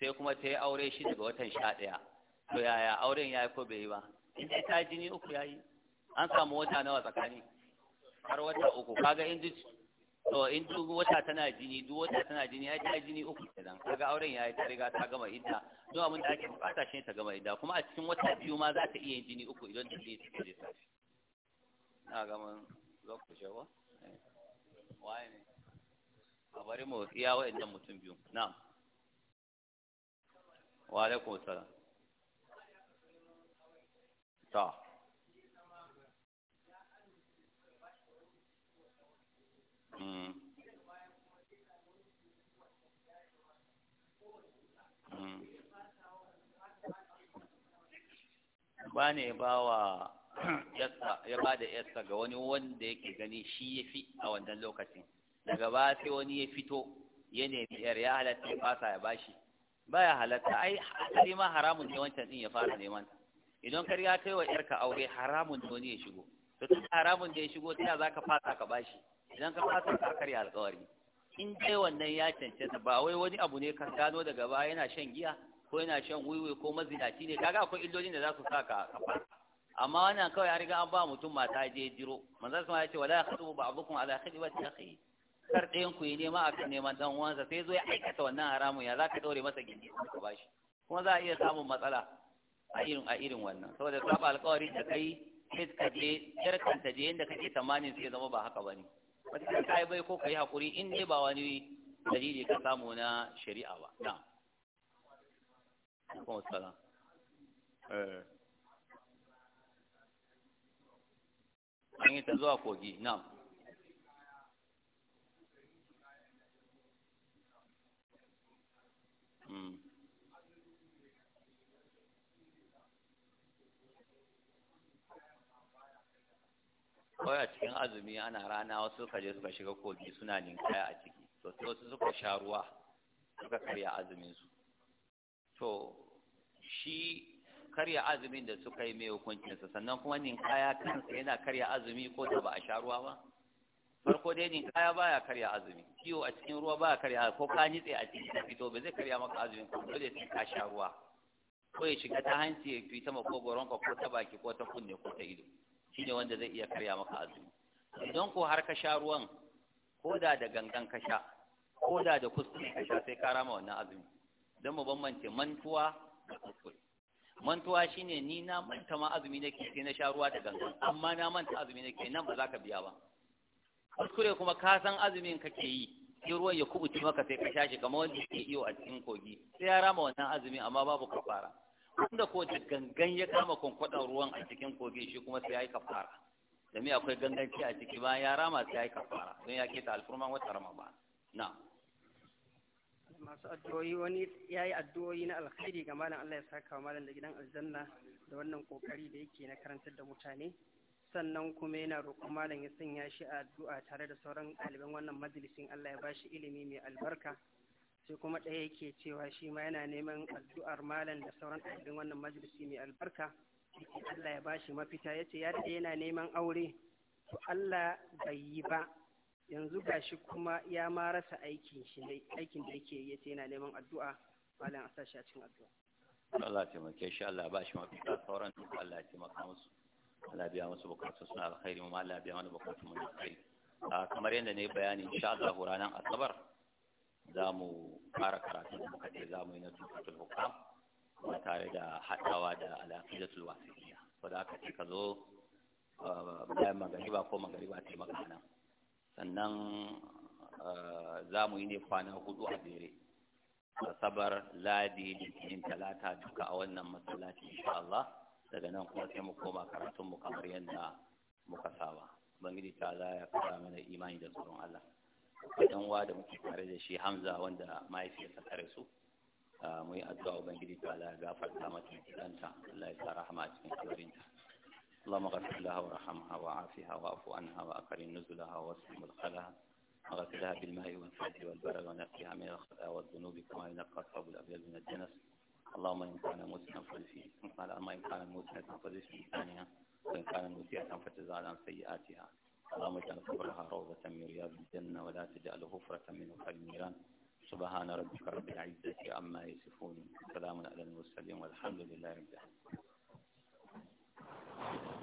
S1: sai kuma ta yi aure shi daga watan sha ɗaya to yaya auren ya yi ko bai yi ba in dai ta jini uku ya yi an samu wata nawa tsakani har wata uku kaga in duk to in duk wata tana jini duk wata tana jini ya ta jini uku kenan kaga auren ya yi ta riga ta gama idda duk abin da ake bukata shi ta gama idda kuma a cikin wata biyu ma za ta iya yin jini uku idan ta je ta je ta na gama je ba waye ne a bari mu tsiya wa'annan mutum biyu na'am wa alaikum salam ta hmm. hmm. ba ne ba wa ya ba da yasta ga wani wanda yake gani shi ya fi a wannan lokacin daga ba sai wani ya fito ya nemi yar ya halatta ya fasa ya bashi baya halatta ai hali ma haramun ne wancan din ya fara neman idan kar ya kai wa yarka aure haramun ne ya shigo to tun haramun da ya shigo ta zaka ka ka bashi idan ka fasa ka karya alƙawari in dai wannan ya cancanta ba wai wani abu ne ka gano daga baya yana shan giya ko yana shan wiwi ko mazinaci ne kaga akwai illolin da za su sa ka kafa amma wannan kawai an riga an ba mutum mata je jiro manzo sun ya ce wala yakhutubu ba'dukum ala khidwati akhihi kar ɗayan ku yi nema a kan neman dan uwansa sai zo ya aikata wannan haramun ya za ka ɗaure masa gindi ka bashi kuma za a iya samun matsala a irin a irin wannan saboda saba alƙawari da kai sai ka je yarkan ta je inda kake tsammanin sai zama ba haka bane wata ka yi bai ko ka yi haƙuri in ne ba wani dalili ka samu na shari'a ba na eh. an yi ta zuwa kogi na'am kawai a cikin azumi ana rana wasu suka je suka shiga kogi suna ninkaya a ciki to sai wasu suka sha ruwa suka karya azumin su to shi karya azumin da suka yi mai sa sannan kuma ninkaya kansa yana karya azumi ko da ba a sha ruwa ba farko dai ninkaya baya karya azumi kiwo a cikin ruwa baya karya ko ka nitse a cikin tafi fito ba zai karya maka azumin ko dole sai ka sha ruwa ko ya shiga ta hanci ya fita goron ka ko ta baki ko ta kunne ko ta ido shine wanda zai iya karya maka azumi idan ko har ka sha ruwan ko da da gangan ka sha ko da da kuskure ka sha sai ka rama wannan azumi don mu bambance mantuwa da kuskure mantuwa shine ni na manta ma azumi nake sai na sha ruwa da gangan amma na manta azumi nake nan ba za ka biya ba kuskure kuma ka san azumin kake yi sai ruwan ya kubuce maka sai ka sha shi kamar wanda ke iyo a cikin kogi sai ya rama wannan azumi amma babu kafara wanda ko da gangan ya kama kwankwadon ruwan a cikin kogin shi kuma sai ya yi kafara mai akwai ganganci a ciki ba ya rama sai ya yi kafara don ya keta alfurman wata rama ba na
S2: masu addu'o'i wani ya yi addu'o'i na alkhairi ga malam Allah ya saka wa malam da gidan aljanna da wannan kokari da yake na karantar da mutane sannan kuma yana roƙon malam ya sanya shi a addu'a tare da sauran ɗaliban wannan majalisin Allah ya bashi ilimi mai albarka sai kuma ɗaya yake cewa shi ma yana neman addu'ar malam da sauran ɗalibin wannan majalisi mai albarka Allah ya bashi mafita yace ya dade yana neman aure to Allah bai yi ba yanzu gashi kuma ya ma rasa aikin shi ne aikin da yake yace yana neman addu'a malam a sashi a cikin addu'a
S1: Allah ya taimake shi Allah ya bashi mafita sauran duk Allah ya taimaka musu Allah biya musu bukatu suna alkhairi mu Allah biya mana bukatu mu alkhairi ah, kamar yadda ne bayani insha Allah ranar asabar za mu fara karatu da muka ce za mu yi na tukatul hukam ba tare da haɗawa da alaƙidatul wasiliya da aka ce ka zo uh, bayan magariba ko magariba ta maka nan sannan uh, za mu yi ne kwana hudu a jere asabar ladi litinin talata duka a wannan masallaci insha Allah daga nan kuma sai mu koma karatun mu kamar yadda muka saba ubangiji ta za ya kara mana imani da tsoron Allah dan uwa da muke tare da shi Hamza wanda mahaifiyarsa ta rasu mu yi addu'a ubangiji ta Allah ya gafarta mata danta Allah ya sa rahama a cikin kabarinta اللهم اغفر لها وارحمها وعافها واعف عنها واكرم نزلها واسلم مدخلها واغفر لها بالماء والثلج والبرد ونقها من الخطايا والذنوب كما ينقى الثوب الابيض من الدنس اللهم ان كان موسنا فلسي ان كان موسنا فلسي ثانيه وان كان موسى فتزال عن سيئاتها اللهم اجعل قبرها روضة من رياض الجنة ولا تجعل غفرة من غفر النيران سبحان ربك رب العزة عما يصفون سلام على المرسلين والحمد لله رب العالمين